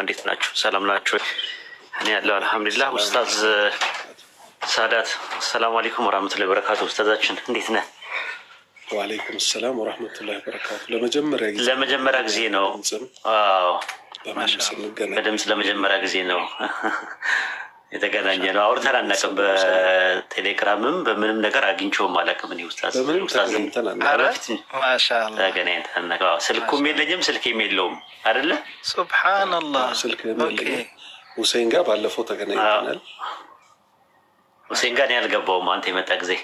እንዴት ናችሁ? ሰላም ናችሁ? እኔ ያለው አልሐምዱሊላህ። ኡስታዝ ሳዳት አሰላሙ አለይኩም ወራህመቱላሂ ወበረካቱ። ኡስታዛችን እንዴት ነህ? ወአለይኩም ሰላም ወራህመቱላሂ ወበረካቱ። ለመጀመሪያ ጊዜ ለመጀመሪያ ጊዜ ነው። አዎ በድምጽ ለመጀመሪያ ጊዜ ነው። የተገናኘ ነው። አውርተን አናውቅም። በቴሌግራምም በምንም ነገር አግኝቼውም አላውቅም። እኔ ኡስታዝ ተገናኝተን ስልኩም የለኝም ስልኬም የለውም አይደለ? ሱብሓነላህ። ሁሴን ጋር ባለፈው ተገናኝተናል። ሁሴን ጋር እኔ አልገባውም። አንተ የመጣ ጊዜ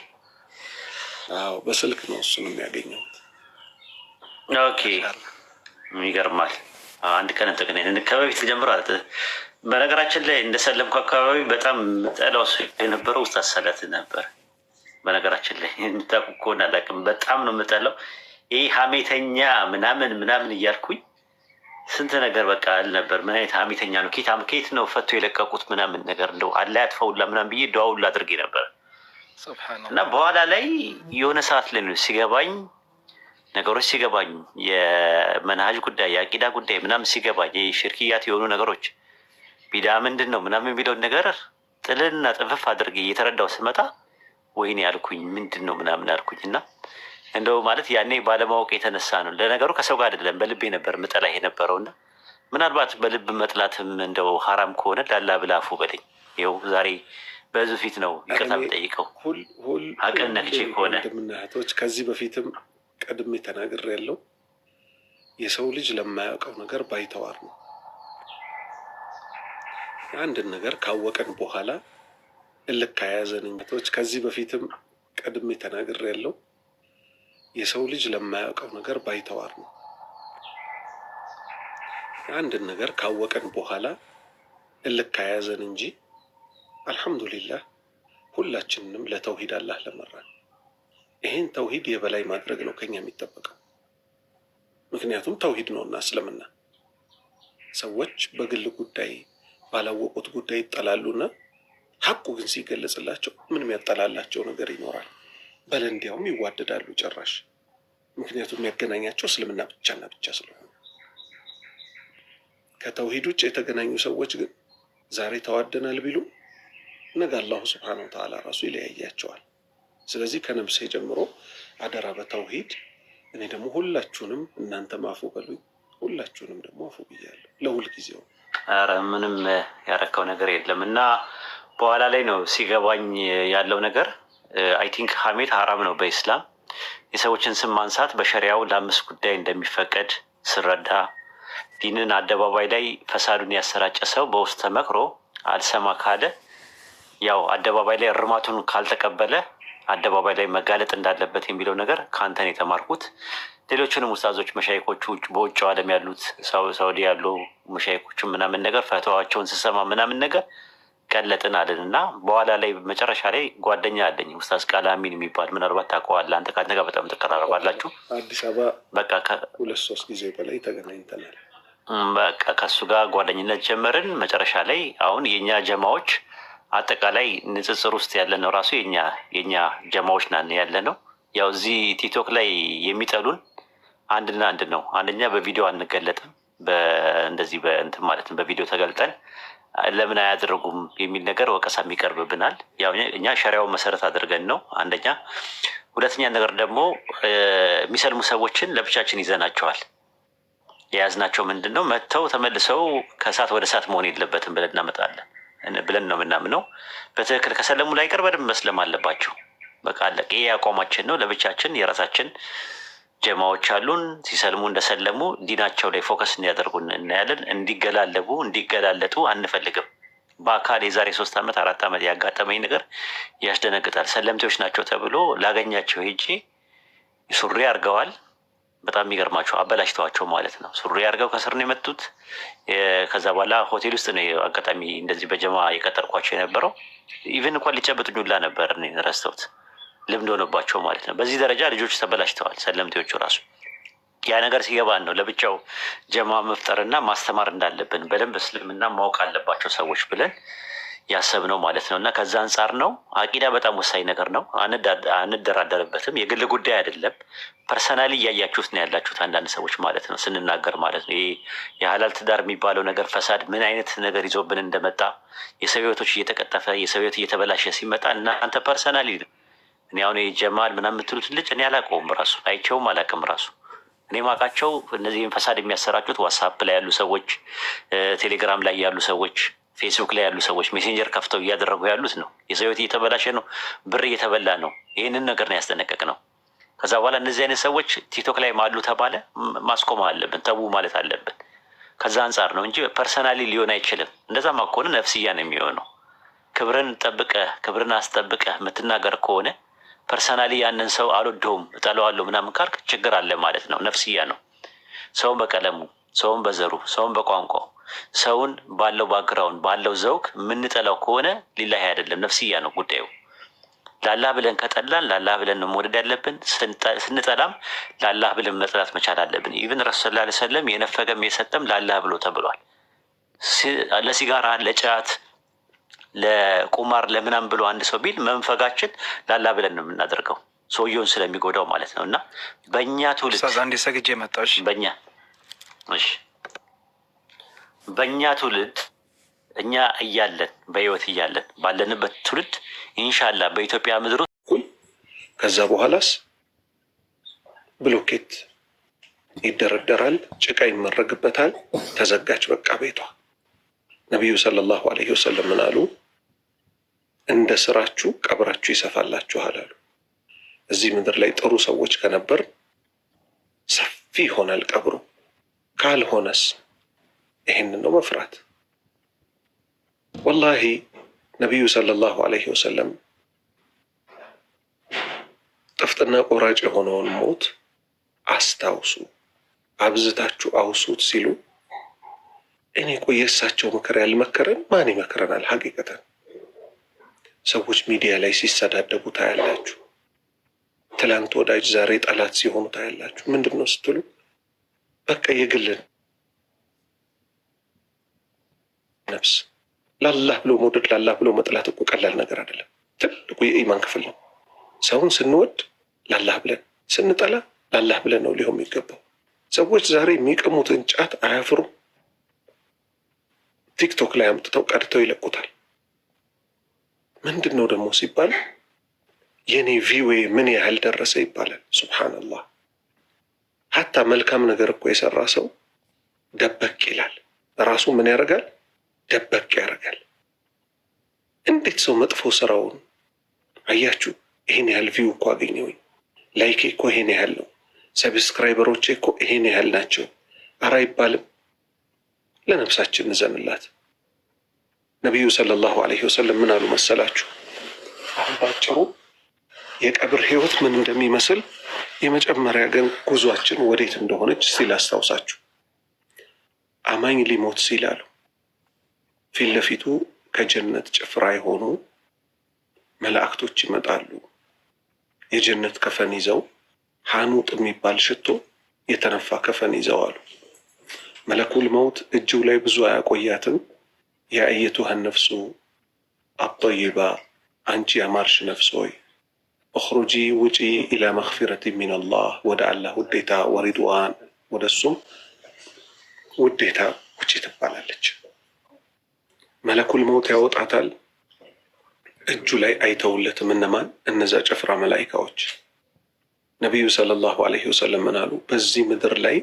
በስልክ ነው እሱን የሚያገኘሁት። ኦኬ፣ ይገርማል። አንድ ቀን ተገናኝተን ከበፊት ጀምሮ በነገራችን ላይ እንደሰለምኩ አካባቢ በጣም ጠላው ሰው የነበረው ውስጥ አሰላት ነበር። በነገራችን ላይ የምታውቁ ከሆነ አላውቅም፣ በጣም ነው የምጠላው። ይህ ሀሜተኛ ምናምን ምናምን እያልኩኝ ስንት ነገር በቃ አል ነበር። ምን አይነት ሀሜተኛ ነው፣ ኬት ኬት ነው ፈቶ የለቀቁት ምናምን ነገር እንደው አላ ያጥፈውላ ምናምን ብዬ ድዋውላ አድርጌ ነበር። እና በኋላ ላይ የሆነ ሰዓት ላይ ነው ሲገባኝ ነገሮች ሲገባኝ የመናሀጅ ጉዳይ የአቂዳ ጉዳይ ምናምን ሲገባኝ የሽርክያት የሆኑ ነገሮች ቢዳ ምንድን ነው ምናምን የሚለውን ነገር ጥልልና ጥንፍፍ አድርጌ እየተረዳው ስመጣ ወይኔ ያልኩኝ ምንድን ነው ምናምን ያልኩኝ እና እንደው ማለት ያኔ ባለማወቅ የተነሳ ነው። ለነገሩ ከሰው ጋር አይደለም በልቤ ነበር ምጠላ የነበረው እና ምናልባት በልብ መጥላትም እንደው ሀራም ከሆነ ላላ ብላፉ በለኝ። ይኸው ዛሬ በህዝብ ፊት ነው ይቅርታ የምጠይቀው ሀቅን ነክቼ ከሆነ። ከዚህ በፊትም ቀድሜ ተናግሬያለሁ። የሰው ልጅ ለማያውቀው ነገር ባይተዋር ነው አንድን ነገር ካወቀን በኋላ እልክ ቶች ከዚህ በፊትም ቀድሜ ተናግር ያለው የሰው ልጅ ለማያውቀው ነገር ባይተዋር ነው። አንድን ነገር ካወቀን በኋላ እልካያዘን እንጂ አልሐምዱሊላህ ሁላችንንም ለተውሂድ አላህ ለመራን። ይህን ተውሂድ የበላይ ማድረግ ነው ከኛ የሚጠበቀው። ምክንያቱም ተውሂድ ነውና እስልምና ሰዎች በግል ጉዳይ ባላወቁት ጉዳይ ይጠላሉና ሀቁ ግን ሲገለጽላቸው ምንም ያጠላላቸው ነገር ይኖራል። በለ እንዲያውም ይዋደዳሉ ጭራሽ። ምክንያቱም የሚያገናኛቸው እስልምና ብቻና ብቻ ስለሆነ ከተውሂድ ውጭ የተገናኙ ሰዎች ግን ዛሬ ተዋደናል ቢሉ ነገ አላሁ ስብሓነሁ ወተዓላ ራሱ ይለያያቸዋል። ስለዚህ ከነብሴ ጀምሮ አደራ በተውሂድ እኔ ደግሞ ሁላችሁንም እናንተም አፉ በሉኝ፣ ሁላችሁንም ደግሞ አፉ ብያለሁ ለሁልጊዜው ኧረ ምንም ያረካው ነገር የለም እና በኋላ ላይ ነው ሲገባኝ ያለው ነገር አይ ቲንክ ሀሜት ሀራም ነው በኢስላም የሰዎችን ስም ማንሳት በሸሪያው ለአምስት ጉዳይ እንደሚፈቀድ ስረዳ ዲንን አደባባይ ላይ ፈሳዱን ያሰራጨ ሰው በውስጥ ተመክሮ አልሰማ ካለ ያው አደባባይ ላይ እርማቱን ካልተቀበለ አደባባይ ላይ መጋለጥ እንዳለበት የሚለው ነገር ከአንተን የተማርኩት ሌሎችንም ውስታዞች መሻይኮቹ በውጭ ዓለም ያሉት ሳውዲ ያሉ መሻይኮቹ ምናምን ነገር ፈተዋቸውን ስሰማ ምናምን ነገር ቀለጥን አለን እና በኋላ ላይ መጨረሻ ላይ ጓደኛ አለኝ ውስታዝ ቃል አሚን የሚባል ምናልባት ታውቀዋለህ አንተ ከአንተ ጋር በጣም ትቀራረባላችሁ። አዲስ አበባ በቃ ሁለት ሶስት ጊዜ በላይ ተገናኝተናል። በቃ ከእሱ ጋር ጓደኝነት ጀመርን። መጨረሻ ላይ አሁን የእኛ ጀማዎች አጠቃላይ ንጽጽር ውስጥ ያለ ነው ራሱ የኛ ጀማዎች ናን ያለ ነው። ያው እዚህ ቲክቶክ ላይ የሚጠሉን አንድና አንድ ነው። አንደኛ በቪዲዮ አንገለጥም እንደዚህ በእንትን ማለት በቪዲዮ ተገልጠን ለምን አያደረጉም የሚል ነገር ወቀሳ ይቀርብብናል። ያው እኛ ሸሪያውን መሰረት አድርገን ነው አንደኛ። ሁለተኛ ነገር ደግሞ የሚሰልሙ ሰዎችን ለብቻችን ይዘናቸዋል። የያዝናቸው ምንድን ነው መጥተው ተመልሰው ከእሳት ወደ እሳት መሆን የለበትም ብለን እናመጣለን ብለን ነው የምናምነው። በትክክል ከሰለሙ ላይ ቀር በደንብ መስለም አለባቸው። በቃ አለቀ። ይሄ አቋማችን ነው። ለብቻችን የራሳችን ጀማዎች አሉን። ሲሰልሙ እንደሰለሙ ዲናቸው ላይ ፎከስ እንዲያደርጉ እናያለን። እንዲገላለቡ እንዲገላለጡ አንፈልግም። በአካል የዛሬ ሶስት ዓመት አራት ዓመት ያጋጠመኝ ነገር ያስደነግጣል። ሰለምቴዎች ናቸው ተብሎ ላገኛቸው ሄጄ ሱሪ አድርገዋል። በጣም የሚገርማቸው አበላሽተዋቸው ማለት ነው። ሱሪ አድርገው ከስር ነው የመጡት። ከዛ በኋላ ሆቴል ውስጥ ነው አጋጣሚ እንደዚህ በጀማ የቀጠርኳቸው የነበረው። ኢቨን እንኳን ሊጨበጡኝ ሁላ ነበር ረስተውት ልምድ ሆነባቸው ማለት ነው። በዚህ ደረጃ ልጆች ተበላሽተዋል። ሰለምቴዎቹ ራሱ ያ ነገር ሲገባን ነው ለብቻው ጀማ መፍጠርና ማስተማር እንዳለብን በደንብ እስልምና ማወቅ አለባቸው ሰዎች ብለን ያሰብ ነው ማለት ነው። እና ከዛ አንጻር ነው አቂዳ በጣም ወሳኝ ነገር ነው። አንደራደርበትም። የግል ጉዳይ አይደለም። ፐርሰናሊ እያያችሁት ነው ያላችሁት አንዳንድ ሰዎች ማለት ነው ስንናገር ማለት ነው። ይሄ የሀላል ትዳር የሚባለው ነገር ፈሳድ ምን አይነት ነገር ይዞብን እንደመጣ የሰው እየተቀጠፈ የሰው እየተበላሸ ሲመጣ እናንተ ፐርሰናሊ እኔ አሁን ጀማል ምናምን የምትሉት ልጅ እኔ አላውቀውም፣ ራሱ አይቼውም አላውቅም። ራሱ እኔ ማውቃቸው እነዚህን ፈሳድ የሚያሰራጩት ዋትሳፕ ላይ ያሉ ሰዎች፣ ቴሌግራም ላይ ያሉ ሰዎች፣ ፌስቡክ ላይ ያሉ ሰዎች ሜሴንጀር ከፍተው እያደረጉ ያሉት ነው። የሰው እየተበላሸ ነው፣ ብር እየተበላ ነው። ይህንን ነገር ነው ያስጠነቀቅ ነው። ከዛ በኋላ እነዚህ አይነት ሰዎች ቲክቶክ ላይ አሉ ተባለ፣ ማስቆም አለብን፣ ተዉ ማለት አለብን። ከዛ አንጻር ነው እንጂ ፐርሰናሊ ሊሆን አይችልም። እንደዛማ ከሆነ ነፍስያ ነው የሚሆነው። ክብርን ጠብቀህ ክብርን አስጠብቀህ የምትናገር ከሆነ ፐርሰናሊ ያንን ሰው አልወደውም እጠለዋለሁ ምናምን ካልክ ችግር አለ ማለት ነው። ነፍስያ ነው። ሰውን በቀለሙ፣ ሰውን በዘሩ፣ ሰውን በቋንቋው፣ ሰውን ባለው ባግራውንድ ባለው ዘውግ የምንጠላው ከሆነ ሊላህ አይደለም ነፍስያ ነው ጉዳዩ። ላላህ ብለን ከጠላን ላላህ ብለን መውደድ ያለብን፣ ስንጠላም ላላህ ብለን መጥላት መቻል አለብን። ኢብን ረሱ ላ ሰለም የነፈገም የሰጠም ላላህ ብሎ ተብሏል። ለሲጋራ ለጫት ለቁማር ለምናም ብሎ አንድ ሰው ቢል መንፈጋችን ላላ ብለን ነው የምናደርገው ሰውየውን ስለሚጎዳው ማለት ነው። እና በእኛ ትውልድ ሰግጄ መጣሽ በእኛ እሺ፣ በእኛ ትውልድ እኛ እያለን በህይወት እያለን ባለንበት ትውልድ ኢንሻላ በኢትዮጵያ ምድር ከዛ በኋላስ ብሎኬት ይደረደራል፣ ጭቃ ይመረግበታል፣ ተዘጋች በቃ ቤቷ። ነቢዩ ሰለላሁ አለይሂ ወሰለም ምን አሉ? እንደ ስራችሁ ቀብራችሁ ይሰፋላችኋል አሉ። እዚህ ምድር ላይ ጥሩ ሰዎች ከነበር ሰፊ ይሆናል ቀብሩ፣ ካልሆነስ ይህን ነው መፍራት። ወላሂ ነቢዩ ሰለላሁ ዐለይሂ ወሰለም ጥፍጥና ቆራጭ የሆነውን ሞት አስታውሱ፣ አብዝታችሁ አውሱት ሲሉ እኔ ቆየሳቸው እሳቸው ምክር ያልመከረን ማን ይመክረናል ሀቂቀተን ሰዎች ሚዲያ ላይ ሲሰዳደቡ ታያላችሁ። ትላንት ወዳጅ ዛሬ ጠላት ሲሆኑ ታያላችሁ። ምንድን ነው ስትሉ በቃ የግልን ነፍስ ላላህ ብሎ መውደድ ላላህ ብሎ መጥላት እኮ ቀላል ነገር አይደለም። ትልቁ የኢማን ክፍል ነው። ሰውን ስንወድ ላላህ ብለን ስንጠላ ላላህ ብለን ነው ሊሆን የሚገባው። ሰዎች ዛሬ የሚቀሙትን ጫት አያፍሩም። ቲክቶክ ላይ አምጥተው ቀድተው ይለቁታል። ምንድን ነው ደግሞ ሲባል የኔ ቪዌ ምን ያህል ደረሰ ይባላል። ሱብሓነላህ ሀታ መልካም ነገር እኮ የሰራ ሰው ደበቅ ይላል። ራሱ ምን ያደርጋል? ደበቅ ያደርጋል። እንዴት ሰው መጥፎ ስራውን አያችሁ፣ ይሄን ያህል ቪው እኮ አገኘውኝ ላይክ እኮ ይሄን ያህል ነው፣ ሰብስክራይበሮች እኮ ይሄን ያህል ናቸው። አራ ይባልም? ለነፍሳችን እንዘንላት። ነቢዩ ሰለላሁ አለይሂ ወሰለም ምን አሉ መሰላችሁ? አሁን ባጭሩ የቀብር ህይወት ምን እንደሚመስል የመጨመሪያ ግን ጉዟችን ወዴት እንደሆነች ሲል አስታውሳችሁ። አማኝ ሊሞት ሲል አሉ ፊት ለፊቱ ከጀነት ጭፍራ የሆኑ መላእክቶች ይመጣሉ። የጀነት ከፈን ይዘው ሀኑጥ የሚባል ሽቶ የተነፋ ከፈን ይዘው አሉ መለኩል መውት እጅው ላይ ብዙ አያቆያትም የአየቱሃ ነፍሱ አጠይባ አንቺ አማርሽ ነፍስ ሆይ እኽሩጂ ውጪ ኢላ መኽፊረት ሚንላህ ወደ አላህ ውዴታ ወሪድዋን ወደ እሱም ውዴታ ውጪ ትባላለች። መለኩል መውት ያወጣታል። እጁ ላይ አይተውለትም። እነማን እነዛ ጨፍራ መላይካዎች። ነቢዩ ሰለላሁ ዐለይሂ ወሰለም ምን አሉ? በዚህ ምድር ላይ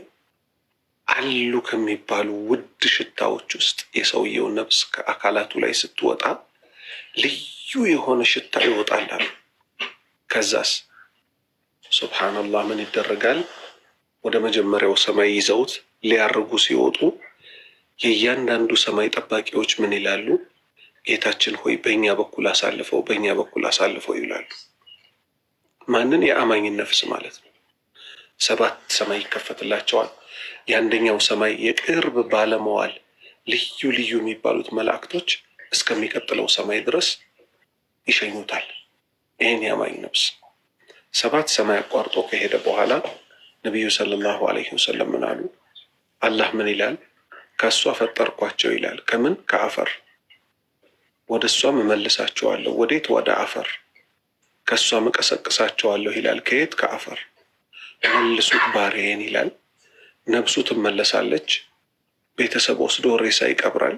አሉ ከሚባሉ ውድ ሽታዎች ውስጥ የሰውየው ነፍስ ከአካላቱ ላይ ስትወጣ ልዩ የሆነ ሽታ ይወጣል አሉ። ከዛስ ሱብሓነላህ ምን ይደረጋል? ወደ መጀመሪያው ሰማይ ይዘውት ሊያርጉ ሲወጡ የእያንዳንዱ ሰማይ ጠባቂዎች ምን ይላሉ? ጌታችን ሆይ በእኛ በኩል አሳልፈው፣ በእኛ በኩል አሳልፈው ይላሉ። ማንን? የአማኝን ነፍስ ማለት ነው። ሰባት ሰማይ ይከፈትላቸዋል። የአንደኛው ሰማይ የቅርብ ባለመዋል ልዩ ልዩ የሚባሉት መላእክቶች እስከሚቀጥለው ሰማይ ድረስ ይሸኙታል። ይህን ያማኝ ነፍስ ሰባት ሰማይ አቋርጦ ከሄደ በኋላ ነቢዩ ሰለላሁ አለይሂ ወሰለም ምን አሉ? አላህ ምን ይላል? ከእሷ ፈጠርኳቸው ይላል። ከምን ከአፈር ወደ እሷ እመልሳቸዋለሁ። ወዴት? ወደ አፈር። ከእሷ መቀሰቅሳቸዋለሁ ይላል። ከየት? ከአፈር መልሱት ባሪያዬን ይላል። ነብሱ ትመለሳለች። ቤተሰብ ወስዶ ሬሳ ይቀብራል።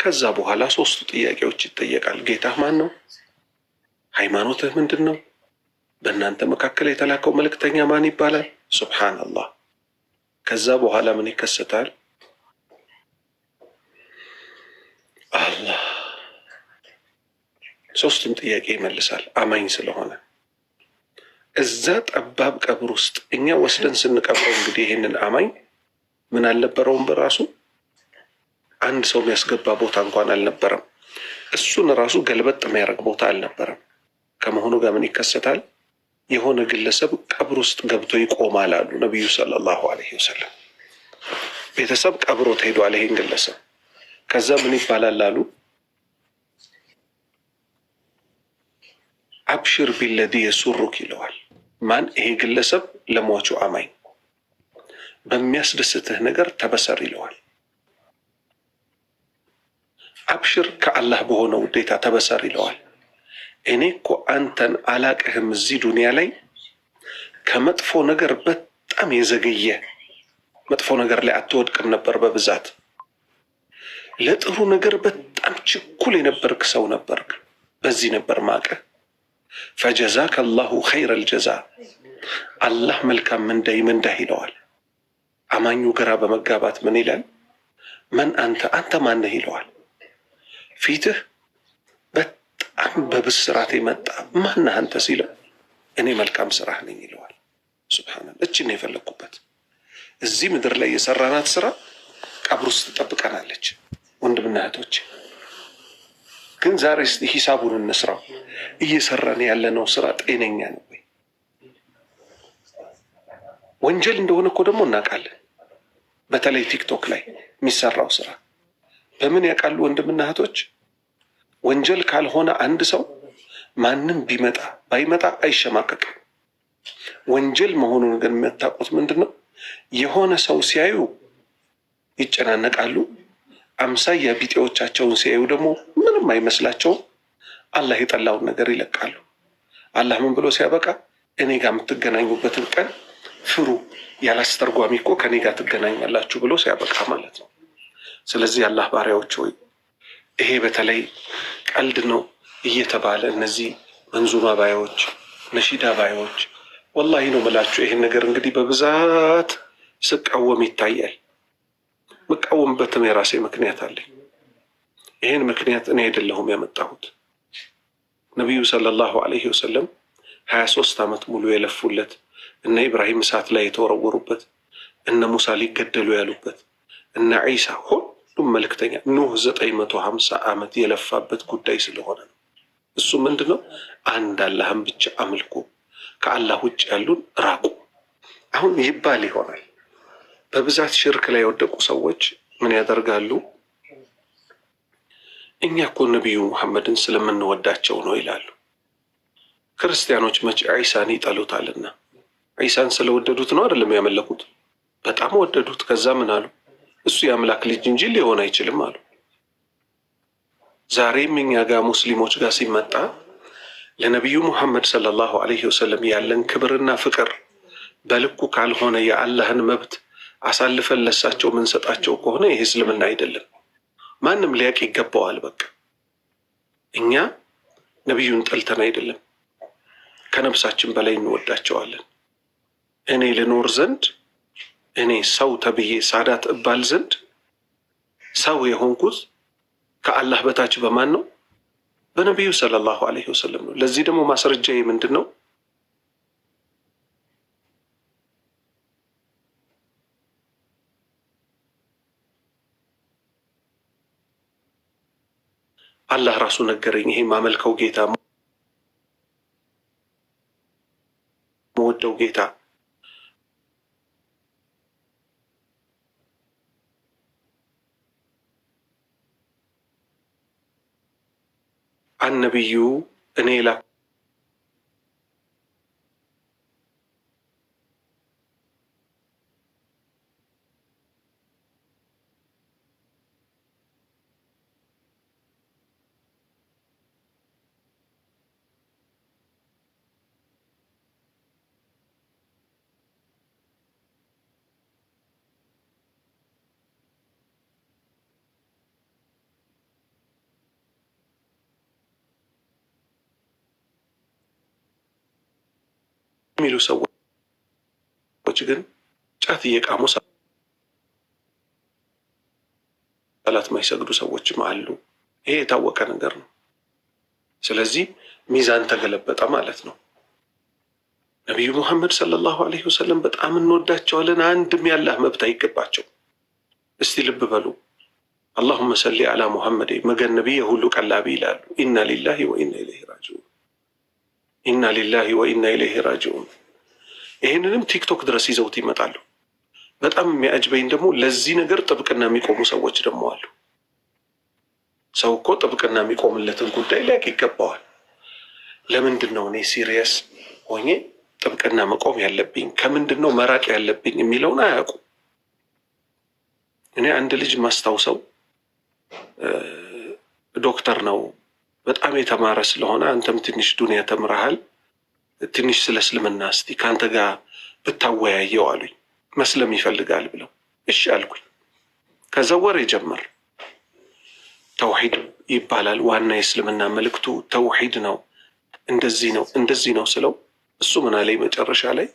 ከዛ በኋላ ሶስቱ ጥያቄዎች ይጠየቃል። ጌታህ ማን ነው? ሃይማኖትህ ምንድን ነው? በእናንተ መካከል የተላከው መልእክተኛ ማን ይባላል? ሱብሓነላህ። ከዛ በኋላ ምን ይከሰታል? አላህ ሶስቱም ጥያቄ ይመልሳል አማኝ ስለሆነ እዛ ጠባብ ቀብር ውስጥ እኛ ወስደን ስንቀብረው እንግዲህ ይህንን አማኝ ምን አልነበረውም፣ በራሱ አንድ ሰው የሚያስገባ ቦታ እንኳን አልነበረም። እሱን ራሱ ገልበጥ የሚያደርግ ቦታ አልነበረም። ከመሆኑ ጋር ምን ይከሰታል? የሆነ ግለሰብ ቀብር ውስጥ ገብቶ ይቆማል አሉ ነቢዩ ሰለላሁ ዐለይሂ ወሰለም። ቤተሰብ ቀብሮ ተሄዷል ይሄን ግለሰብ። ከዛ ምን ይባላል አሉ አብሽር ቢለዲ የሱሩክ ይለዋል ማን? ይሄ ግለሰብ ለሟቹ አማኝ በሚያስደስትህ ነገር ተበሰር ይለዋል። አብሽር ከአላህ በሆነ ውዴታ ተበሰር ይለዋል። እኔ እኮ አንተን አላቅህም እዚህ ዱንያ ላይ ከመጥፎ ነገር በጣም የዘገየ መጥፎ ነገር ላይ አትወድቅም ነበር በብዛት ለጥሩ ነገር በጣም ችኩል የነበርክ ሰው ነበርክ። በዚህ ነበር ማቀህ ፈጀዛከ አላሁ ኸይረል ጀዛ አላህ መልካም ምንዳይ ምንዳህ ይለዋል። አማኙ ግራ በመጋባት ምን ይላል? መን አንተ አንተ ማነህ ይለዋል። ፊትህ በጣም በብስራት የመጣ ማነህ አንተ ሲለው እኔ መልካም ስራህ ነኝ ይለዋል። ሱብሓነላህ። እችን የፈለግኩበት እዚህ ምድር ላይ የሰራናት ስራ ቀብር ውስጥ ትጠብቀናለች። ወንድምና እህቶች ግን ዛሬ እስቲ ሂሳቡን እንስራው። እየሰራን ያለነው ስራ ጤነኛ ነው ወይ? ወንጀል እንደሆነ እኮ ደግሞ እናውቃለን። በተለይ ቲክቶክ ላይ የሚሰራው ስራ በምን ያውቃሉ ወንድምና እህቶች? ወንጀል ካልሆነ አንድ ሰው ማንም ቢመጣ ባይመጣ አይሸማቀቅም። ወንጀል መሆኑን ግን የምታውቁት ምንድን ነው? የሆነ ሰው ሲያዩ ይጨናነቃሉ። አምሳያ ቢጤዎቻቸውን ሲያዩ ደግሞ ምንም አይመስላቸውም። አላህ የጠላውን ነገር ይለቃሉ። አላህ ምን ብሎ ሲያበቃ እኔ ጋር የምትገናኙበትን ቀን ፍሩ፣ ያላስተርጓሚ እኮ ከእኔ ጋር ትገናኛላችሁ ብሎ ሲያበቃ ማለት ነው። ስለዚህ አላህ ባሪያዎች ወይ ይሄ በተለይ ቀልድ ነው እየተባለ እነዚህ መንዙማ ባዮች፣ ነሺዳ ባዮች ወላሂ ነው ምላችሁ። ይሄን ነገር እንግዲህ በብዛት ስቃወም ይታያል። መቃወምበትም የራሴ ምክንያት አለኝ። ይህን ምክንያት እኔ አይደለሁም ያመጣሁት። ነቢዩ ሰለላሁ አለይሂ ወሰለም ሀያ ሶስት ዓመት ሙሉ የለፉለት እነ ኢብራሂም እሳት ላይ የተወረወሩበት እነ ሙሳ ሊገደሉ ያሉበት እነ ዒሳ ሁሉም መልክተኛ ኑህ ዘጠኝ መቶ ሀምሳ ዓመት የለፋበት ጉዳይ ስለሆነ ነው። እሱ ምንድን ነው? አንድ አላህን ብቻ አምልኩ፣ ከአላህ ውጭ ያሉን ራቁ። አሁን ይባል ይሆናል በብዛት ሽርክ ላይ የወደቁ ሰዎች ምን ያደርጋሉ? እኛ እኮ ነቢዩ ሙሐመድን ስለምንወዳቸው ነው ይላሉ። ክርስቲያኖች መቼ ዒሳን ይጠሉታልና ዒሳን ስለወደዱት ነው አይደለም ያመለኩት። በጣም ወደዱት። ከዛ ምን አሉ? እሱ የአምላክ ልጅ እንጂ ሊሆን አይችልም አሉ። ዛሬም እኛ ጋር ሙስሊሞች ጋር ሲመጣ ለነቢዩ ሙሐመድ ሰለላሁ ዐለይሂ ወሰለም ያለን ክብርና ፍቅር በልኩ ካልሆነ የአላህን መብት አሳልፈን ለሳቸው የምንሰጣቸው ከሆነ ይህ እስልምና አይደለም። ማንም ሊያቅ ይገባዋል። በቃ እኛ ነቢዩን ጠልተን አይደለም፣ ከነብሳችን በላይ እንወዳቸዋለን። እኔ ልኖር ዘንድ እኔ ሰው ተብዬ ሳዳት እባል ዘንድ ሰው የሆንኩት ከአላህ በታች በማን ነው? በነቢዩ ሰለላሁ አለይሂ ወሰለም ነው። ለዚህ ደግሞ ማስረጃዬ ምንድን ነው? አላህ ራሱ ነገረኝ። ይሄ ማመልከው ጌታ መወደው ጌታ አነብዩ እኔ ላ የሚሉ ሰዎች ግን ጫት እየቃሙ ሰላት የማይሰግዱ ሰዎችም አሉ። ይሄ የታወቀ ነገር ነው። ስለዚህ ሚዛን ተገለበጠ ማለት ነው። ነቢዩ ሙሐመድ ሰለላሁ አለይሂ ወሰለም በጣም እንወዳቸዋለን። አንድም ያላህ መብት አይገባቸው። እስቲ ልብ በሉ። አላሁመ ሰሊ አላ ሙሐመድ መገነቢ የሁሉ ቀላቢ ይላሉ። ኢና ሊላሂ ወኢና ኢለይሂ ኢና ሊላሂ ወኢና ኢለይሂ ራጂዑን። ይህንንም ቲክቶክ ድረስ ይዘውት ይመጣሉ። በጣም የሚያጅበኝ ደግሞ ለዚህ ነገር ጥብቅና የሚቆሙ ሰዎች ደግሞ አሉ። ሰው እኮ ጥብቅና የሚቆምለትን ጉዳይ ሊያቅ ይገባዋል። ለምንድን ነው እኔ ሲሪየስ ሆኜ ጥብቅና መቆም ያለብኝ ከምንድን ነው መራቅ ያለብኝ የሚለውን አያውቁ። እኔ አንድ ልጅ ማስታውሰው ዶክተር ነው በጣም የተማረ ስለሆነ አንተም ትንሽ ዱንያ ተምረሃል፣ ትንሽ ስለ እስልምና እስቲ ከአንተ ጋር ብታወያየው አሉኝ። መስለም ይፈልጋል ብለው እሺ አልኩኝ። ከዛ ወሬ ጀመር። ተውሂድ ይባላል ዋና የእስልምና መልእክቱ ተውሂድ ነው፣ እንደዚህ ነው፣ እንደዚህ ነው ስለው እሱ ምን አለኝ መጨረሻ ላይ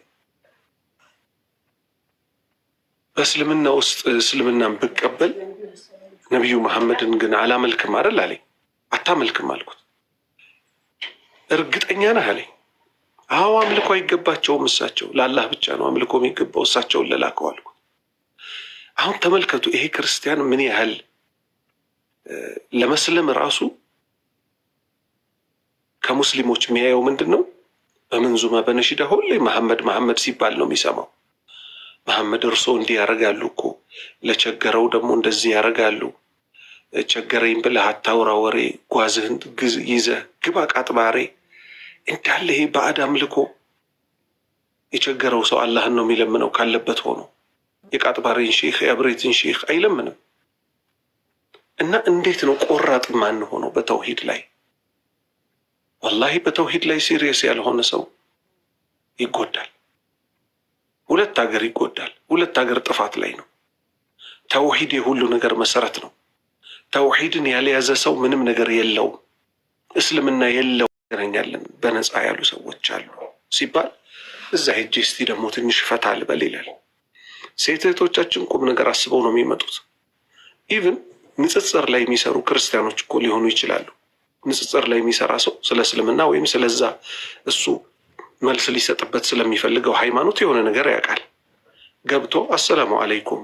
በእስልምና ውስጥ እስልምናን ብቀበል ነቢዩ መሐመድን ግን አላመልክም አይደል አለኝ። አታመልክም አልኩት። እርግጠኛ ነህ አለኝ። አዎ አምልኮ አይገባቸውም፣ እሳቸው ለአላህ ብቻ ነው አምልኮ የሚገባው፣ እሳቸውን ለላከው አልኩት። አሁን ተመልከቱ፣ ይሄ ክርስቲያን ምን ያህል ለመስለም ራሱ ከሙስሊሞች የሚያየው ምንድን ነው? በመንዙማ በነሽዳ ሁሌ መሐመድ መሐመድ ሲባል ነው የሚሰማው። መሐመድ እርሶ እንዲህ ያደርጋሉ እኮ ለቸገረው ደግሞ እንደዚህ ያደርጋሉ ቸገረኝ ብለህ አታውራ ወሬ፣ ጓዝህን ይዘህ ግባ ቃጥባሬ እንዳለ ይሄ ባዕድ አምልኮ። የቸገረው ሰው አላህን ነው የሚለምነው ካለበት ሆኖ የቃጥባሬን ሼህ የአብሬትን ሼህ አይለምንም። እና እንዴት ነው ቆራጥ ማንሆነው በተውሂድ ላይ? ወላሂ በተውሂድ ላይ ሲሪየስ ያልሆነ ሰው ይጎዳል። ሁለት ሀገር ይጎዳል። ሁለት ሀገር ጥፋት ላይ ነው። ተውሂድ የሁሉ ነገር መሰረት ነው። ተውሒድን ያልያዘ ሰው ምንም ነገር የለውም፣ እስልምና የለው ይገናኛለን በነፃ ያሉ ሰዎች አሉ ሲባል እዛ ሄጅ እስቲ ደግሞ ትንሽ ፈታ ልበል ይላል። ሴት እህቶቻችን ቁም ነገር አስበው ነው የሚመጡት። ኢቭን ንጽጽር ላይ የሚሰሩ ክርስቲያኖች እኮ ሊሆኑ ይችላሉ። ንጽጽር ላይ የሚሰራ ሰው ስለ እስልምና ወይም ስለዛ እሱ መልስ ሊሰጥበት ስለሚፈልገው ሃይማኖት የሆነ ነገር ያውቃል። ገብቶ አሰላሙ አለይኩም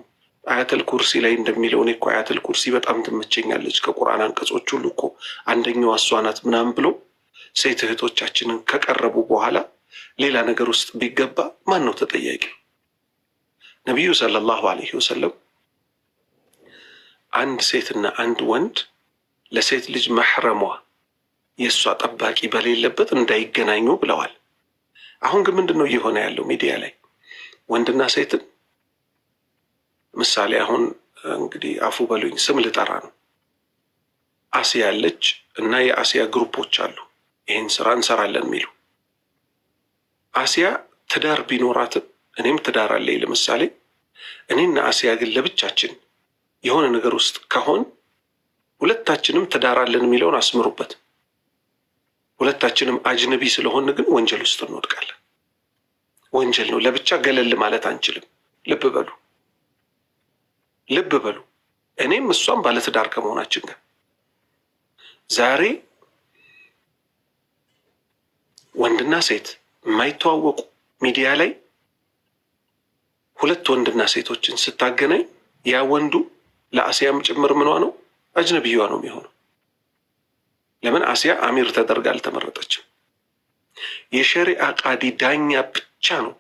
አያተል ኩርሲ ላይ እንደሚለው እኔ እኮ አያተል ኩርሲ በጣም ትመቸኛለች ከቁርአን አንቀጾች ሁሉ እኮ አንደኛው እሷ ናት ምናምን ብሎ ሴት እህቶቻችንን ከቀረቡ በኋላ ሌላ ነገር ውስጥ ቢገባ ማን ነው ተጠያቂ? ነቢዩ ሰለላሁ አለይሂ ወሰለም አንድ ሴትና አንድ ወንድ ለሴት ልጅ መሕረሟ የእሷ ጠባቂ በሌለበት እንዳይገናኙ ብለዋል። አሁን ግን ምንድን ነው እየሆነ ያለው ሚዲያ ላይ ወንድና ሴትን ምሳሌ አሁን እንግዲህ አፉ በሉኝ ስም ልጠራ ነው። አሲያ አለች እና የአሲያ ግሩፖች አሉ ይህን ስራ እንሰራለን የሚሉ አሲያ ትዳር ቢኖራትም እኔም ትዳር አለኝ ለምሳሌ እኔና አሲያ ግን ለብቻችን የሆነ ነገር ውስጥ ከሆን ሁለታችንም ትዳር አለን የሚለውን አስምሩበት። ሁለታችንም አጅነቢ ስለሆን ግን ወንጀል ውስጥ እንወድቃለን። ወንጀል ነው፣ ለብቻ ገለል ማለት አንችልም። ልብ በሉ። ልብ በሉ እኔም እሷም ባለትዳር ከመሆናችን ጋር ዛሬ ወንድና ሴት የማይተዋወቁ ሚዲያ ላይ ሁለት ወንድና ሴቶችን ስታገናኝ ያ ወንዱ ለአሲያም ጭምር ምኗ ነው አጅነብያዋ ነው የሚሆነው። ለምን አሲያ አሚር ተደርጋ አልተመረጠችም? የሸሪአ ቃዲ ዳኛ ብቻ ነው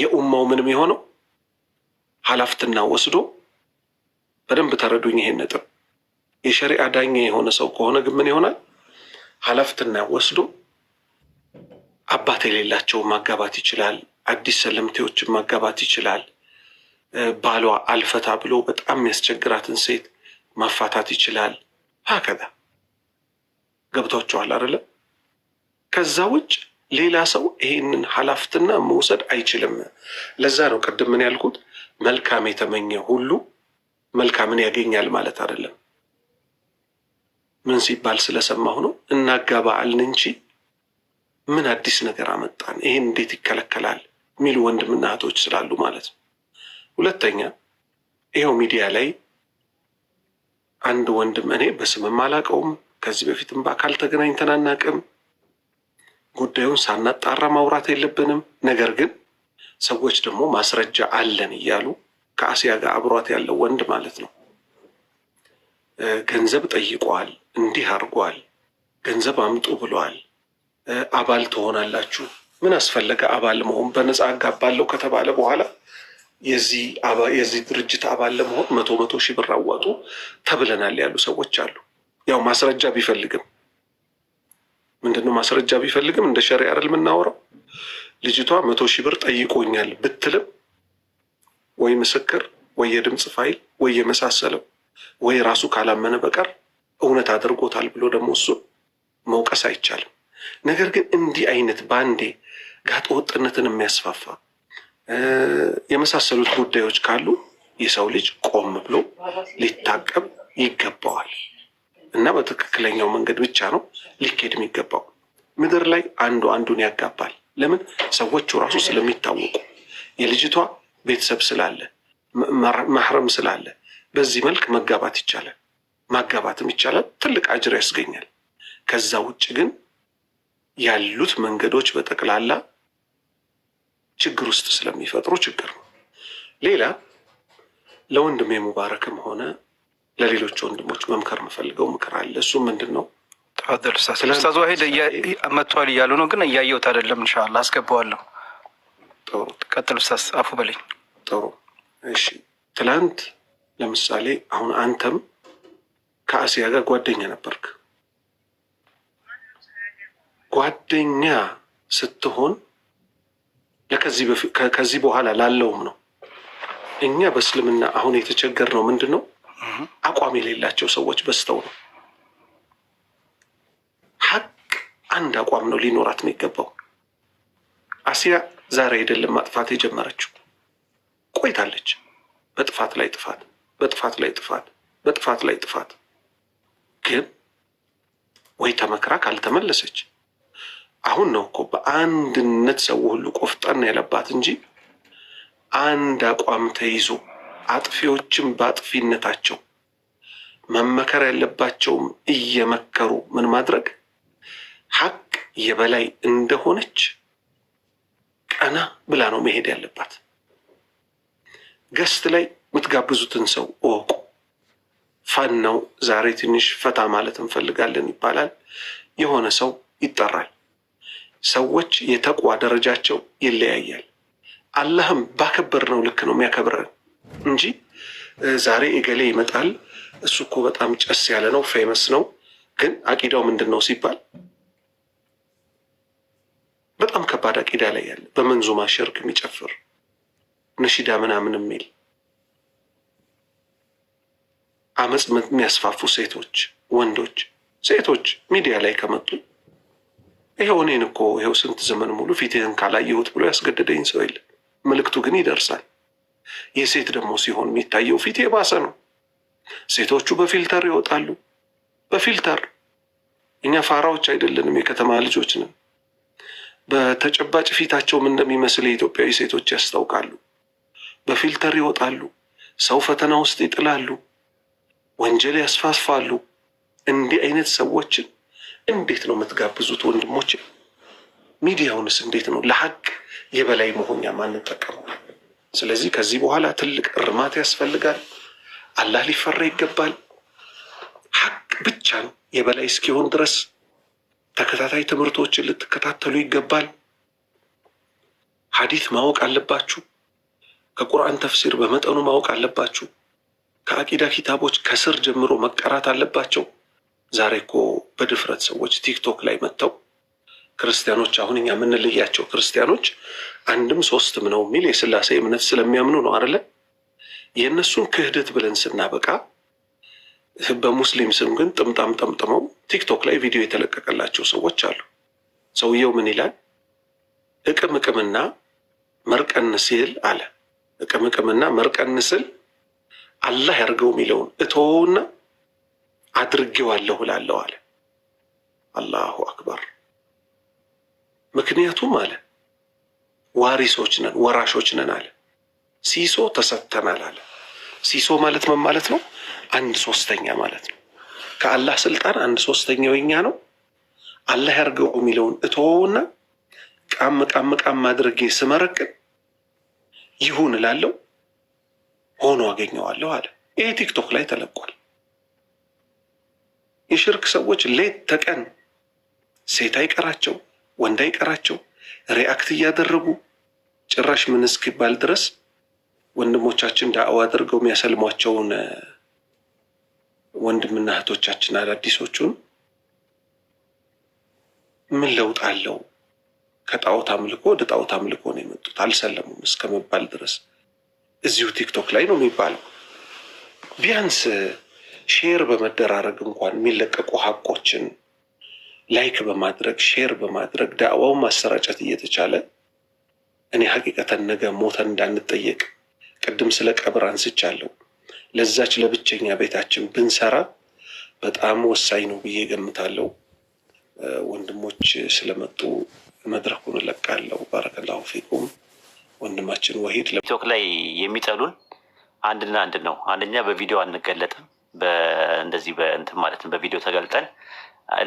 የኡማው ምን የሆነው ሀላፍትና ወስዶ በደንብ ተረዱኝ። ይሄን ነጥብ የሸሪአ ዳኛ የሆነ ሰው ከሆነ ግን ምን ይሆናል? ሀላፍትና ወስዶ አባት የሌላቸውን ማጋባት ይችላል። አዲስ ሰለምቴዎችን ማጋባት ይችላል። ባሏ አልፈታ ብሎ በጣም የሚያስቸግራትን ሴት ማፋታት ይችላል። ሀከዛ ገብቷቸዋል አይደለም። ከዛ ውጭ ሌላ ሰው ይሄንን ሀላፍትና መውሰድ አይችልም። ለዛ ነው ቅድም ምን ያልኩት መልካም የተመኘ ሁሉ መልካምን ያገኛል ማለት አይደለም። ምን ሲባል ስለሰማሁ ነው እናጋባአልን እንጂ ምን አዲስ ነገር አመጣን፣ ይሄን እንዴት ይከለከላል የሚሉ ወንድምና እህቶች ስላሉ ማለት ነው። ሁለተኛ ይኸው ሚዲያ ላይ አንድ ወንድም እኔ በስምም አላውቀውም፣ ከዚህ በፊትም በአካል ተገናኝተን አናቅም ጉዳዩን ሳናጣራ ማውራት የለብንም ነገር ግን ሰዎች ደግሞ ማስረጃ አለን እያሉ ከአሲያ ጋር አብሯት ያለው ወንድ ማለት ነው ገንዘብ ጠይቋል፣ እንዲህ አድርጓል፣ ገንዘብ አምጡ ብሏል፣ አባል ትሆናላችሁ። ምን አስፈለገ አባል መሆን? በነፃ አጋባለሁ ከተባለ በኋላ የዚህ ድርጅት አባል ለመሆን መቶ መቶ ሺህ ብር አዋጡ ተብለናል ያሉ ሰዎች አሉ። ያው ማስረጃ ቢፈልግም ምንድነው ማስረጃ ቢፈልግም እንደ ሸሪ አይደል የምናወራው? ልጅቷ መቶ ሺህ ብር ጠይቆኛል ብትልም ወይ ምስክር ወይ የድምፅ ፋይል ወይ የመሳሰለው ወይ ራሱ ካላመነ በቀር እውነት አድርጎታል ብሎ ደግሞ እሱ መውቀስ አይቻልም። ነገር ግን እንዲህ አይነት ባንዴ ጋጦወጥነትን የሚያስፋፋ የመሳሰሉት ጉዳዮች ካሉ የሰው ልጅ ቆም ብሎ ሊታቀብ ይገባዋል እና በትክክለኛው መንገድ ብቻ ነው ሊኬድ የሚገባው። ምድር ላይ አንዱ አንዱን ያጋባል። ለምን ሰዎቹ ራሱ ስለሚታወቁ የልጅቷ ቤተሰብ ስላለ ማህረም ስላለ በዚህ መልክ መጋባት ይቻላል፣ ማጋባትም ይቻላል። ትልቅ አጅር ያስገኛል። ከዛ ውጭ ግን ያሉት መንገዶች በጠቅላላ ችግር ውስጥ ስለሚፈጥሩ ችግር ነው። ሌላ ለወንድሜ ሙባረክም ሆነ ለሌሎች ወንድሞች መምከር የምፈልገው ምክር አለ። እሱ ምንድን ነው? ተፈደል ኡስታዝ። ስለ ኡስታዝ ዋሂድ መጥቷል እያሉ ነው፣ ግን እያየሁት አይደለም። እንሻላ አስገባዋለሁ። ቀጥል ኡስታዝ፣ አፉ በለኝ። ጥሩ እሺ። ትላንት ለምሳሌ አሁን አንተም ከአስያ ጋር ጓደኛ ነበርክ። ጓደኛ ስትሆን ከዚህ በኋላ ላለውም ነው። እኛ በእስልምና አሁን ነው ምንድን ነው? አቋም የሌላቸው ሰዎች በስተው ነው ሀቅ አንድ አቋም ነው ሊኖራት የሚገባው። አሲያ ዛሬ አይደለም ማጥፋት የጀመረችው፣ ቆይታለች። በጥፋት ላይ ጥፋት፣ በጥፋት ላይ ጥፋት፣ በጥፋት ላይ ጥፋት። ግን ወይ ተመክራ ካልተመለሰች አሁን ነው እኮ በአንድነት ሰው ሁሉ ቆፍጠን ያለባት እንጂ አንድ አቋም ተይዞ አጥፊዎችም በአጥፊነታቸው መመከር ያለባቸውም እየመከሩ ምን ማድረግ ሀቅ የበላይ እንደሆነች ቀና ብላ ነው መሄድ ያለባት። ገስት ላይ የምትጋብዙትን ሰው እወቁ። ፋን ነው ዛሬ ትንሽ ፈታ ማለት እንፈልጋለን ይባላል። የሆነ ሰው ይጠራል። ሰዎች የተቋ ደረጃቸው ይለያያል። አላህም ባከበርነው ልክ ነው የሚያከብረን እንጂ ዛሬ እገሌ ይመጣል እሱ እኮ በጣም ጨስ ያለ ነው ፌመስ ነው ግን አቂዳው ምንድን ነው ሲባል በጣም ከባድ አቂዳ ላይ ያለ በመንዙማ ሽርክ የሚጨፍር ነሺዳ ምናምን የሚል አመፅ የሚያስፋፉ ሴቶች፣ ወንዶች፣ ሴቶች ሚዲያ ላይ ከመጡ ይኸው እኔን እኮ ይኸው ስንት ዘመን ሙሉ ፊትህን ካላየሁት ብሎ ያስገደደኝ ሰው የለም። መልእክቱ ግን ይደርሳል። የሴት ደግሞ ሲሆን የሚታየው ፊት የባሰ ነው። ሴቶቹ በፊልተር ይወጣሉ። በፊልተር እኛ ፋራዎች አይደለንም፣ የከተማ ልጆች ነን። በተጨባጭ ፊታቸውም እንደሚመስል የኢትዮጵያዊ ሴቶች ያስታውቃሉ። በፊልተር ይወጣሉ፣ ሰው ፈተና ውስጥ ይጥላሉ፣ ወንጀል ያስፋፋሉ። እንዲህ አይነት ሰዎችን እንዴት ነው የምትጋብዙት? ወንድሞች ሚዲያውንስ እንዴት ነው ለሀቅ የበላይ መሆኛ ማንጠቀሙ? ስለዚህ ከዚህ በኋላ ትልቅ እርማት ያስፈልጋል። አላህ ሊፈራ ይገባል። ሀቅ ብቻ ነው የበላይ እስኪሆን ድረስ ተከታታይ ትምህርቶችን ልትከታተሉ ይገባል። ሐዲስ ማወቅ አለባችሁ። ከቁርአን ተፍሲር በመጠኑ ማወቅ አለባችሁ። ከአቂዳ ኪታቦች ከስር ጀምሮ መቀራት አለባቸው። ዛሬ እኮ በድፍረት ሰዎች ቲክቶክ ላይ መጥተው ክርስቲያኖች አሁን እኛ የምንለያቸው ክርስቲያኖች አንድም ሶስትም ነው የሚል የስላሴ እምነት ስለሚያምኑ ነው አይደለ? የእነሱን ክህደት ብለን ስናበቃ በሙስሊም ስም ግን ጥምጣም ጠምጥመው ቲክቶክ ላይ ቪዲዮ የተለቀቀላቸው ሰዎች አሉ። ሰውየው ምን ይላል? እቅም እቅምና መርቀን ሲል አለ። እቅም እቅምና መርቀን ስል አላህ ያርገው የሚለውን እቶውና አድርጌዋለሁ እላለሁ አለ። አላሁ አክበር። ምክንያቱም አለ ዋሪሶች ነን፣ ወራሾች ነን አለ። ሲሶ ተሰጥተናል አለ። ሲሶ ማለት ምን ማለት ነው? አንድ ሶስተኛ ማለት ነው። ከአላህ ስልጣን አንድ ሶስተኛው የኛ ነው። አላህ ያርገው የሚለውን እቶና ቃም ቃም ቃም አድርጌ ስመረቅን ይሁን ላለው ሆኖ አገኘዋለሁ አለ። ይሄ ቲክቶክ ላይ ተለቋል። የሽርክ ሰዎች ሌት ተቀን ሴት አይቀራቸው ወንድ አይቀራቸው ሪአክት እያደረጉ ጭራሽ ምን እስኪባል ድረስ ወንድሞቻችን ዳዕዋ አድርገው የሚያሰልሟቸውን ወንድምና እህቶቻችን አዳዲሶቹን ምን ለውጥ አለው? ከጣዖት አምልኮ ወደ ጣዖት አምልኮ ነው የመጡት፣ አልሰለሙም እስከመባል ድረስ እዚሁ ቲክቶክ ላይ ነው የሚባለው። ቢያንስ ሼር በመደራረግ እንኳን የሚለቀቁ ሀቆችን ላይክ በማድረግ ሼር በማድረግ ዳዕዋው ማሰራጨት እየተቻለ እኔ ሀቂቀተን ነገ ሞተን እንዳንጠየቅ ቅድም ስለ ቀብር አንስቻለሁ። ለዛች ለብቸኛ ቤታችን ብንሰራ በጣም ወሳኝ ነው ብዬ ገምታለው ወንድሞች ስለመጡ መድረኩን እለቃለሁ። ባረከላሁ ፊኩም። ወንድማችን ወሂድ ቲክቶክ ላይ የሚጠሉን አንድና አንድ ነው። አንደኛ በቪዲዮ አንገለጥም፣ እንደዚህ በእንትን ማለት በቪዲዮ ተገልጠን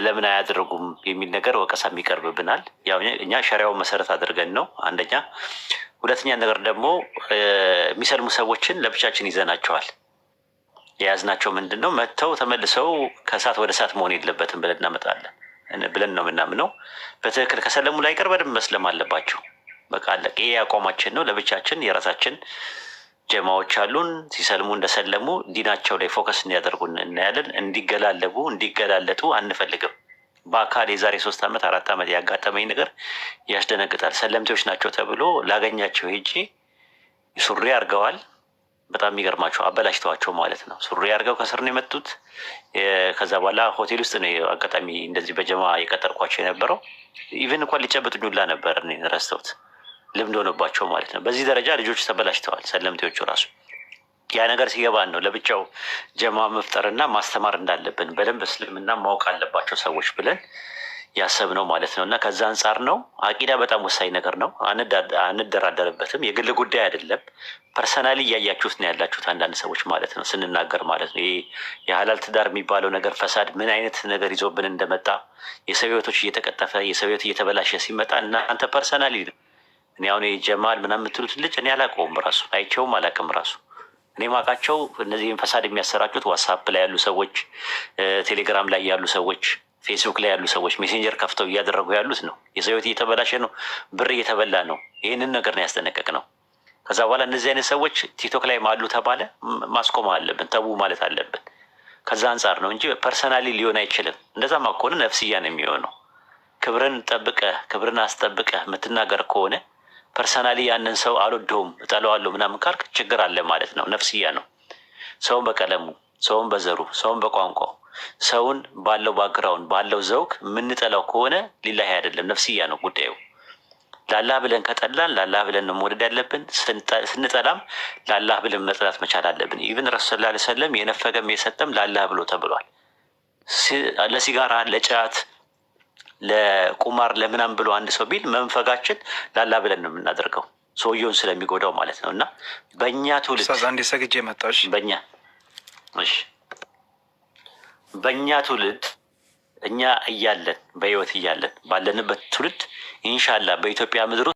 ለምን አያደርጉም የሚል ነገር ወቀሳ ይቀርብብናል። ያው እኛ ሸሪያው መሰረት አድርገን ነው አንደኛ። ሁለተኛ ነገር ደግሞ የሚሰልሙ ሰዎችን ለብቻችን ይዘናቸዋል። የያዝናቸው ምንድን ነው መጥተው ተመልሰው ከእሳት ወደ እሳት መሆን የለበትም ብለን እናመጣለን ብለን ነው የምናምነው። በትክክል ከሰለሙ ላይ ቀር በደንብ መስለም አለባቸው። በቃ አለቀ። ይሄ አቋማችን ነው። ለብቻችን የራሳችን ጀማዎች አሉን። ሲሰልሙ እንደሰለሙ ዲናቸው ላይ ፎከስ እንዲያደርጉ እናያለን። እንዲገላለቡ እንዲገላለጡ አንፈልግም። በአካል የዛሬ ሶስት ዓመት አራት ዓመት ያጋጠመኝ ነገር ያስደነግጣል። ሰለምቴዎች ናቸው ተብሎ ላገኛቸው ሄጄ ሱሪ አድርገዋል በጣም የሚገርማቸው አበላሽተዋቸው ማለት ነው። ሱሪ አድርገው ከስር ነው የመጡት። ከዛ በኋላ ሆቴል ውስጥ ነው አጋጣሚ እንደዚህ በጀማ የቀጠርኳቸው የነበረው። ኢቨን እንኳን ሊጨበጡኝ ሁላ ነበር ረስተውት፣ ልምድ ሆነባቸው ማለት ነው። በዚህ ደረጃ ልጆች ተበላሽተዋል። ሰለምቴዎቹ ራሱ ያ ነገር ሲገባን ነው ለብቻው ጀማ መፍጠርና ማስተማር እንዳለብን በደንብ እስልምና ማወቅ አለባቸው ሰዎች ብለን ያሰብ ነው ማለት ነው። እና ከዛ አንጻር ነው አቂዳ በጣም ወሳኝ ነገር ነው። አንደራደርበትም። የግል ጉዳይ አይደለም። ፐርሰናሊ እያያችሁት ነው ያላችሁት አንዳንድ ሰዎች ማለት ነው ስንናገር ማለት ነው። ይሄ የሀላል ትዳር የሚባለው ነገር ፈሳድ ምን አይነት ነገር ይዞብን እንደመጣ የሰው እየተቀጠፈ የሰው እየተበላሸ ሲመጣ እናንተ ፐርሰናሊ ነው እኔ አሁን ጀማል ምናምን የምትሉት ልጅ እኔ አላውቀውም ራሱ አይቼውም አላውቅም ራሱ እኔ ማውቃቸው እነዚህን ፈሳድ የሚያሰራጩት ዋትሳፕ ላይ ያሉ ሰዎች፣ ቴሌግራም ላይ ያሉ ሰዎች ፌስቡክ ላይ ያሉ ሰዎች ሜሴንጀር ከፍተው እያደረጉ ያሉት ነው። የሰው ህይወት እየተበላሸ ነው። ብር እየተበላ ነው። ይህንን ነገር ነው ያስጠነቀቅ ነው። ከዛ በኋላ እነዚህ አይነት ሰዎች ቲክቶክ ላይ አሉ ተባለ፣ ማስቆም አለብን፣ ተዉ ማለት አለብን። ከዛ አንጻር ነው እንጂ ፐርሰናሊ ሊሆን አይችልም። እንደዛማ ከሆነ ነፍስያ ነው የሚሆነው። ክብርን ጠብቀ ክብርን አስጠብቀ የምትናገር ከሆነ ፐርሰናሊ ያንን ሰው አልወደውም እጠለዋለሁ ምናምን ካልክ ችግር አለ ማለት ነው። ነፍስያ ነው። ሰውን በቀለሙ፣ ሰውን በዘሩ፣ ሰውን በቋንቋው ሰውን ባለው ባግራውንድ ባለው ዘውግ የምንጠላው ከሆነ ሊላህ አይደለም ነፍስያ ነው ጉዳዩ። ላላህ ብለን ከጠላን ላላህ ብለን ነው መውደድ ያለብን። ስንጠላም ላላህ ብለን መጥላት መቻል አለብን። ኢቭን ረሱ ስላ ሰለም የነፈገም የሰጠም ላላህ ብሎ ተብሏል። ለሲጋራ፣ ለጫት፣ ለቁማር ለምናም ብሎ አንድ ሰው ቢል መንፈጋችን ላላ ብለን ነው የምናደርገው ሰውየውን ስለሚጎዳው ማለት ነው። እና በእኛ ትውልድ አንዴ ሰግጄ መጣሽ በእኛ እሺ በእኛ ትውልድ እኛ እያለን በህይወት እያለን ባለንበት ትውልድ ኢንሻላ በኢትዮጵያ ምድር